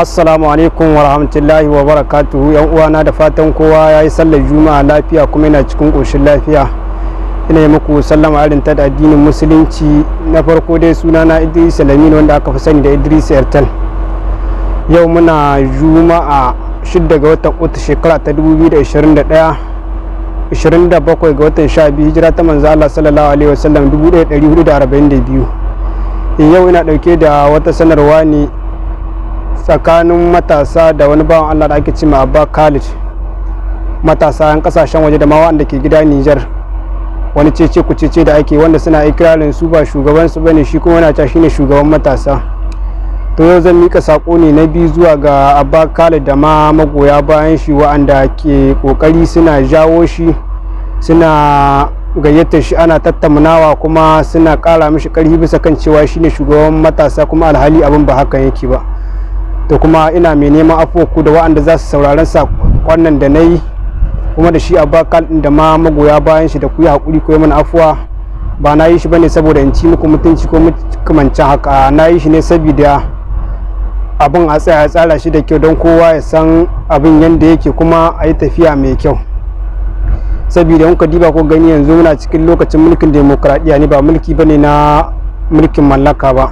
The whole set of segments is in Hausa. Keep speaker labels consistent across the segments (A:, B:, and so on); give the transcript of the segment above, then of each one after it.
A: assalamu alaikum wa rahmatullahi wa barakatuhu yan uwana da fatan kowa ya yi sallar juma'a lafiya kuma yana cikin ƙoshin lafiya ina yi muku sallama irin ta da addinin musulunci na farko dai suna na idris lamin wanda aka fi sani da idris ertel yau muna juma'a 6 ga watan uku shekara ta 2021 27 ga watan 12 hijira ta manzo Allah sallallahu alaihi wasallam 1442 eh, yau ina dauke da wata sanarwa ne tsakanin matasa da wani bawan allah da ake ci ma abba khalid matasa yan kasashen waje da ma wanda ke gida niger wani cece ku cece da ake wanda suna ikirarin su ba shugaban su bane shi kuma yana shi ne shugaban matasa to yau zan mika sako ne na biyu zuwa ga abba khalid da ma magoya bayan shi wa'anda ke kokari suna jawo shi suna gayyatar shi ana tattaunawa kuma suna kara mishi karfi bisa kan cewa shine shugaban matasa kuma alhali abin ba hakan yake ba da kuma ina mai neman afoku da wa'anda za su sauraren sa kwanan da na yi kuma da shi a bakal da ma magoya bayan shi da ku yi haƙuri ko mana afuwa ba na yi shi bane saboda in ci muku mutunci ko kamancin haka na yi shi ne saboda abin a tsaya tsara shi da kyau don kowa ya san abin yadda yake kuma a yi tafiya mai kyau saboda muka diba ko gani yanzu muna cikin lokacin mulkin demokradiyya ne ba mulki bane na mulkin mallaka ba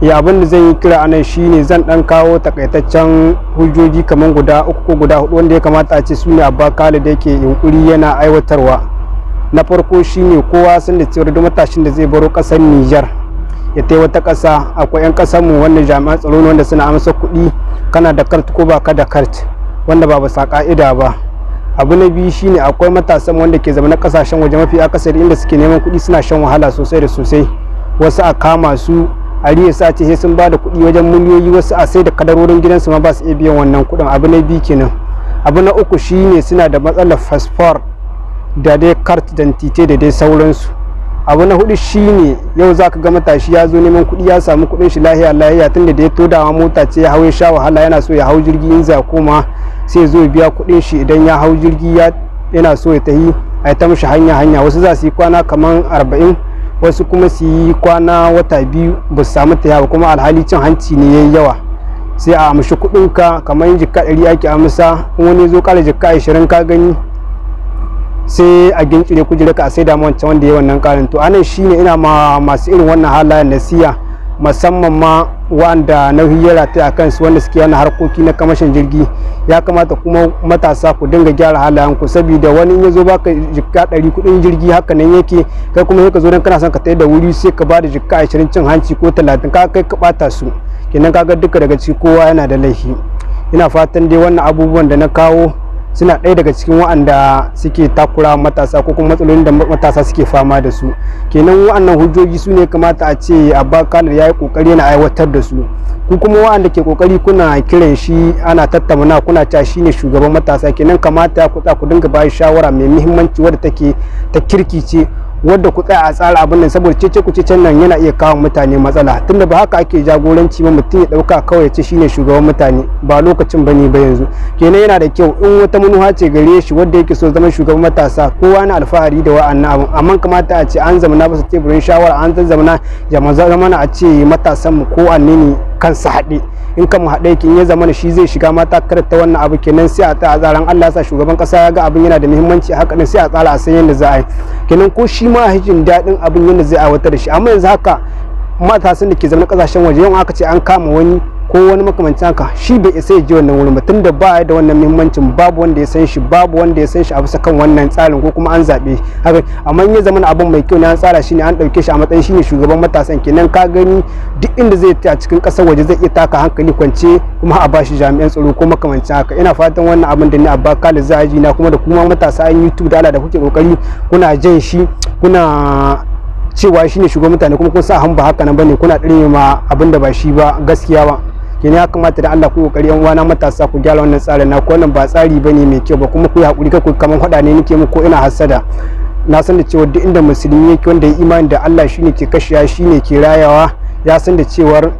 A: ya abin da zan yi kira anan shine zan dan kawo takaitaccen hujjoji kamar guda uku ko guda hudu wanda ya kamata a ce su ne abba kale da yake yunkuri yana aiwatarwa na farko shine kowa sun da cewar matashin da zai baro kasar Nijar ya tai wata kasa akwai yan kasar mu wanda jami'an tsaro ne wanda suna amsa kuɗi kana da kart ko ba ka da kart wanda ba bisa ka'ida ba abu na biyu shine akwai matasan wanda ke zama na kasashen waje mafi akasari inda suke neman kuɗi suna shan wahala sosai da sosai wasu a kama su ari ya saci sai sun ba da kuɗi wajen miliyoyi wasu a sai da kadarorin gidansu ma ba su iya biyan wannan kuɗin abu na biyu kenan abu na uku shine suna da matsalar fasfor da dai kart dantite da dai sauransu abu na hudu shine yau za ka ga matashi ya zo neman kuɗi ya samu kuɗin shi lahiya lahiya tun da ya dawa mota ce ya hau ya sha wahala yana so ya hau jirgi in za koma sai zo ya biya kuɗin shi idan ya hau jirgi yana so ya tahi a ta mishi hanya hanya wasu za su yi kwana kamar arba'in wasu kuma su yi kwana wata biyu ba su samu ta yawa kuma alhali cin hanci ne ya yi yawa sai a amshi ka kamar jikka ɗari ake amsa wani zo ƙara jikka ashirin ka gani sai a gincire kujere ka sai da wancan wanda ya wannan ƙarin to anan ne ina ma masu irin wannan halayen nasiya musamman ma wanda nauyi ya rata a kansu wanda suke yana harkoki na kamashin jirgi ya kamata kuma matasa ku dinga gyara halayenku saboda wani ya zo baka jikka ɗari kuɗin jirgi haka nan yake kai kuma ka zo don kana son ka tayi da wuri sai ka ba da jikka ashirin cin hanci ko talatin ka kai ka ɓata su kenan kaga duka daga ciki kowa yana da laifi ina fatan dai wannan abubuwan da na kawo suna ɗaya daga cikin wa'anda suke takura matasa ko kuma matsalolin da matasa suke fama da su kenan wa'annan hujjoji su ne kamata a ce abba kanar ya yi ƙoƙari yana aiwatar da su ku kuma wa'anda ke ƙoƙari kuna kiran shi ana tattauna kuna ta shi ne shugaban matasa kenan kamata ku dinga bayan shawara mai muhimmanci wadda take ta kirkice wadda ku tsaya a tsara abin nan saboda cece ku cecen nan yana iya kawo mutane matsala tunda ba haka ake jagoranci ba mutum ya dauka kawai ya ce shine shugaban mutane ba lokacin bane ba yanzu kenan yana da kyau in wata manuha ce gare shi wadda yake so zama shugaban matasa kowa na alfahari da wa'annan abin amma kamata a ce an zamana ba su teburin shawara an zamana zamana a ce matasan mu ko annini kansa haɗe in kan haɗe kin ya zama shi zai shiga mata ta wannan abu kenan sai a ta tsaron Allah sa shugaban kasa ya ga abin yana da muhimmanci haka din sai a tsara a san yadda za a yi kenan ko shi ma hijin daɗin abin yadda zai aiwatar da shi amma yanzu haka matasan da ke na kasashen waje yawan aka ce an kama wani ko wani makamancin haka shi bai isa ya je wannan wurin ba da ba da wannan muhimmancin babu wanda ya san shi babu wanda ya san shi a bisa kan wannan tsarin ko kuma an zaɓe haka amma ya zama abin mai kyau ne an tsara shi ne an ɗauke shi a matsayin shine shugaban matasan kenan ka gani duk inda zai a cikin ƙasar waje zai iya taka hankali kwance kuma a bashi jami'an tsaro ko makamancin haka ina fatan wannan abin da ni abba kali zaji na kuma da kuma matasa an youtube da Allah da kuke kokari kuna jan shi kuna cewa shine shugaban mutane kuma kun sa hamba haka nan bane kuna dare ma abin da ba shi ba gaskiya ba ne ya kamata da Allah ku kokari yan uwana matasa ku gyara wannan tsarin na wannan ba tsari bane mai kyau ba kuma ku yi hakuri kai ku kaman hada ne nake muku ina hasada na san da cewa duk inda musulmi yake wanda ya imani da Allah shine ke kashiya shine ke rayawa ya san da cewar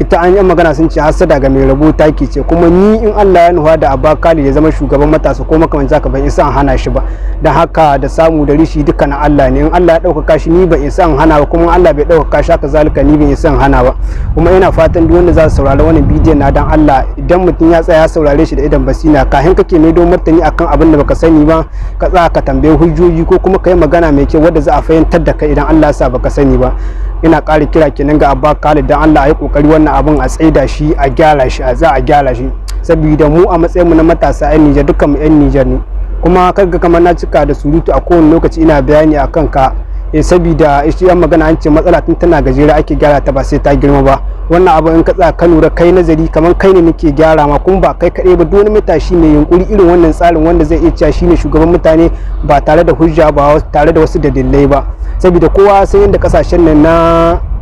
A: ita an yi magana sun ce hasada ga mai rabo taki ce kuma ni in Allah ya nuha da abakali ya zama shugaban matasa ko makamancin zaka ban isa an hana shi ba dan haka da samu da rishi dukkan Allah ne in Allah ya dauka kashi ni ban isa an hana ba kuma Allah bai dauka kashi haka zalika ni ban isa an hana ba kuma ina fatan duk wanda za su saurari wannan bidiyo na dan Allah idan mutum ya tsaya ya saurare shi da idan basina kafin kake mai don martani akan abin da baka sani ba ka tsaya ka tambaye hujjoji ko kuma kai magana mai kyau wanda za a fahimtar da kai idan Allah ya sa baka sani ba ina ƙara kira kenan ga abba khalid dan allah a yi ƙoƙari wannan abun a da shi a gyara shi a za a gyara shi saboda mu a matsayin matsayinmu na matasa 'yan nijar dukkan mu 'yan nijar ne kuma kaga kamar na cika da surutu a kowane lokaci ina bayani a kan ka eh, saboda shi yan magana an ce matsala tun tana gajera ake gyara ta ba sai ta girma ba wannan abun in ka tsaya ka lura kai nazari kamar kai ne nake gyara ma kuma ba kai kaɗai ba duk wani matashi mai yunkuri irin wannan tsarin wanda zai iya cewa shine shugaban mutane ba tare da hujja ba tare da wasu dalilai ba saboda kowa sai yadda kasashen nan na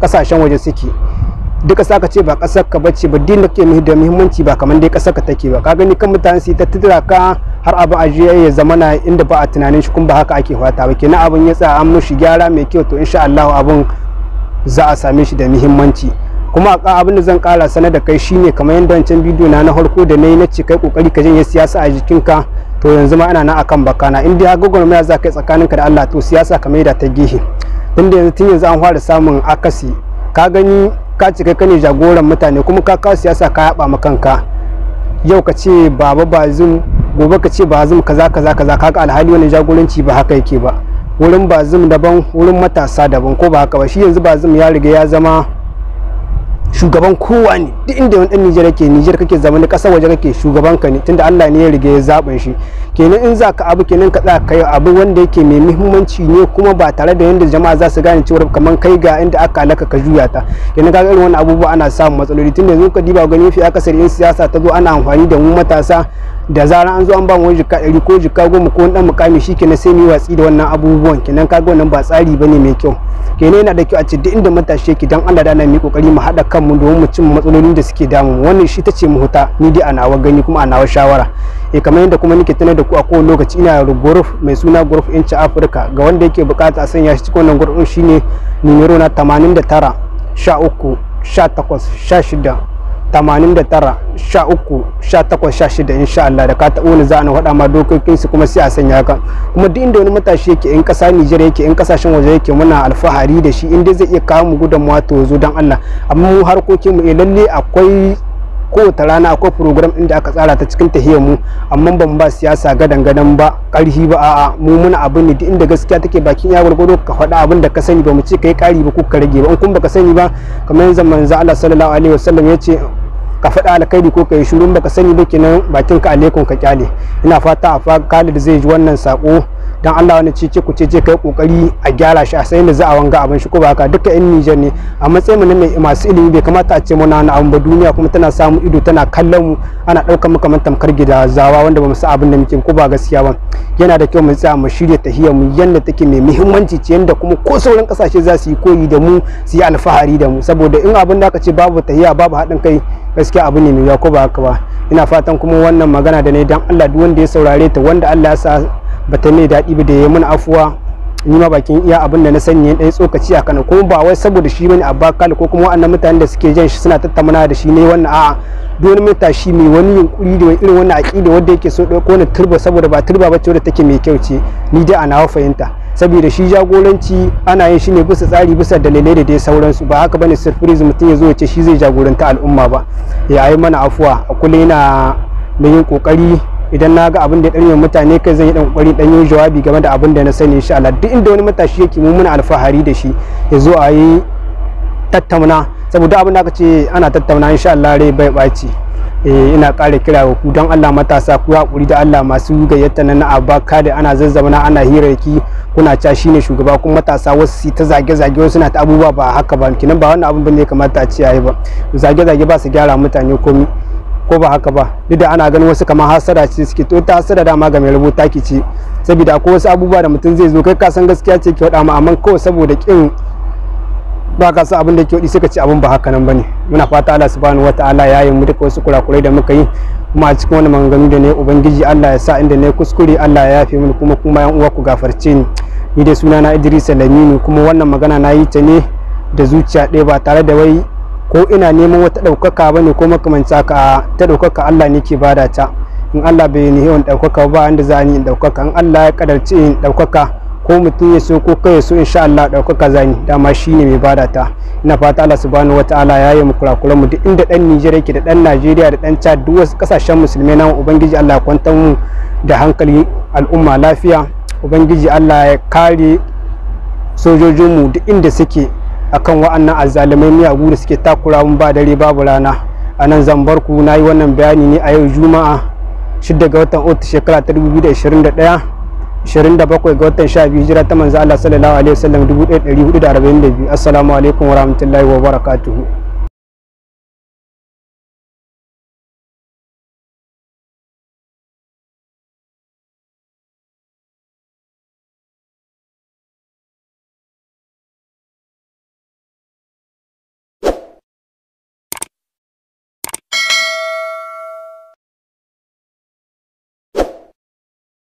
A: kasashen waje suke duka saka ka ce ba kasar ka bace ba din da ke da muhimmanci ba kamar dai kasar ka take ba ka gani kan mutane su ta tura ka har abu ajiye ya zama na inda ba a tunanin shi kun ba haka ake fata ba kenan abin ya tsaya an mushi gyara mai kyau to insha Allah abun za a same shi da muhimmanci kuma abin da zan kara sanar da kai shine kamar yadda wancan bidiyo na na farko da nayi na ce kai kokari ka janye siyasa a jikinka to yanzu ma ana nan akan bakana in dai mai za ka tsakanin tsakaninka da Allah to siyasa ka da ta gihi inda yanzu tun yanzu an fara samun akasi ka gani ka cika ka ne jagoran mutane kuma ka kawo siyasa ka yaba ma kanka yau ka ce baba bazum gobe ka ce bazum kaza kaza kaza kaga alhali wani jagoranci ba haka yake ba wurin bazum daban wurin matasa daban ko ba haka ba shi yanzu bazum ya riga ya zama shugaban kowa ne duk inda wani dan Nijar yake Nijar kake zama ne kasar waje kake shugaban ka ne tunda Allah ne ya riga ya zaben shi kenan in za ka abu kenan ka tsaya kai abu wanda yake mai muhimmanci ne kuma ba tare da yanda jama'a za su gane cewa kamar kai ga inda aka halaka ka juya ta kenan kaga irin wannan abubuwa ana samun matsaloli tun yanzu ka diba gani fi akasari yan siyasa ta zo ana amfani da mu matasa da zaran an zo an ba mu wani jika ɗari ko jika goma ko wani ɗan mukami shi kenan sai mu watsi da wannan abubuwan kenan kaga wannan ba tsari bane mai kyau kenan yana da kyau a ce duk inda matashi yake dan Allah da na mu kokari mu haɗa kanmu domin mu cimma matsalolin da suke damu wannan shi tace mu huta ni dai a nawa gani kuma a nawa shawara e kamar yadda kuma nake tana da ku a kowane lokaci ina da mai suna group inci afirka ga wanda yake bukata a sanya shi cikin wannan group din shine numero na 89 13 18 16 89 13 18 16 insha Allah da ka taɓa wani za a faɗa ma dokokin su kuma sai a sanya haka kuma duk inda wani matashi yake in ƙasa nijeriya yake in ƙasashen waje yake muna alfahari da shi inda zai iya kawo mu gudunmawa to zo don Allah amma mu harkokin mu eh, lalle akwai kowace rana akwai program inda aka tsara ta cikin tahiyar mu amma ban ba siyasa gadan gadan ba karhi ba a'a mu muna abin ne duk inda gaskiya take bakin ya gwargwado ka fada abin da ka sani ba mu ce kai kari ba ko ka rage ba in kun baka sani ba kamar yanzu manzo Allah sallallahu alaihi wasallam ya ce ka faɗa alkhairi ko ka yi ba baka sani ba kenan bakin ka alaikum ka kyale ina fata a Khalid zai ji wannan sako dan Allah wani cece ku cece kai kokari a gyara shi a sai da za a wanga abin shi ko ba haka duka yan Niger ne a matsayin mu ne masu ilimi bai kamata a ce muna na abin ba duniya kuma tana samu ido tana kallon mu ana daukar mu kamar tamkar gida zawa wanda ba mu san abin da muke ko ba gaskiya ba yana da kyau mu tsaya mu shirya tahiyar mu yanda take mai muhimmanci ce yanda kuma ko sauran kasashe za su yi koyi da mu su yi alfahari da mu saboda in abin da aka ce babu tahiya babu haɗin kai gaskiya abu ne mai yawa ko ba haka ba ina fatan kuma wannan magana da ne dan Allah duk wanda ya saurare ta wanda Allah ya sa ba ta mai daɗi ba da ya mun afuwa ni ma bakin iya abin da na sani ɗaya tsokaci a kana kuma ba wai saboda shi bane abba kala ko kuma wannan mutanen da suke jan shi suna tattamana da shi ne wannan a'a duk wani matashi mai wani yunkuri da irin wannan aƙida wanda yake so ɗauko wani turba saboda ba turba ba ce wadda take mai kyau ce ni dai ana nawa fahimta saboda shi jagoranci ana yin shi ne bisa tsari bisa dalilai da dai sauransu ba haka bane surprise mutum ya zo ya ce shi zai jagoranta al'umma ba ya yi mana afuwa a kullum yana mai yin kokari idan na ga abin da ya ɗanyen mutane kai zan yi ɗan ƙwari ɗan yi jawabi game da abin da na sani shi Allah duk inda wani matashi yake mu muna alfahari da shi ya zo a yi tattauna saboda abin da aka ce ana tattauna insha Allah rai bai ɓaci eh, ina ƙara kira wa ku don Allah matasa ku haƙuri da Allah masu gayyata na na Abba kada ana zazzabana ana hirarki kuna ca shi ne shugaba kuma matasa wasu ta zage-zage wasu na ta abubuwa ba haka ba kinan ba wannan abin ba ne kamata a ce yi ba zage-zage ba su gyara mutane komi ko ba haka ba duk da ana ganin wasu kamar hasada ce suke to ta hasada dama ga mai rubuta ki ce saboda ko wasu abubuwa da mutum zai zo kai ka san gaskiya ce ki faɗa ma amma kawai saboda kin ba ka san abin da ke suka ce abin ba haka nan bane muna fata Allah subhanahu wataala ya yi mu duka wasu kurakurai da muka yi kuma a cikin wani maganganu da ne ubangiji Allah ya sa inda ne kuskure Allah ya yafe mini kuma kuma yan uwa ku gafarce ni ni dai sunana Idris salaminu kuma wannan magana na yi ta ne da zuciya ɗaya ba tare da wai ko ina neman wata ɗaukaka ba ne ko makamanta ka ta ɗaukaka Allah ne ke bada ta in Allah bai ni yawan ɗaukaka ba inda za ni in ɗaukaka in Allah ya kadarci in ɗaukaka ko mutum ya so ko kai ya so insha Allah ɗaukaka za ni dama shi ne mai bada ta ina fata Allah subhanahu wataala ya yi mu kurakuran mu duk inda ɗan nijeriya ke da ɗan Najeriya da ɗan Chad duk wasu ƙasashen musulmai na ubangiji Allah ya kwantar mu da hankali al'umma lafiya ubangiji Allah ya kare sojojinmu duk inda suke akan wa'annan azzalumai miyagu da suke takura mun ba dare babu rana a nan zan bar ku na yi wannan bayani ne a yau juma'a 6 ga watan otu shekara ta 2021 27 ga watan 12 hijira ta manzo Allah sallallahu alaihi wasallam 1442 assalamu alaikum warahmatullahi wabarakatuhu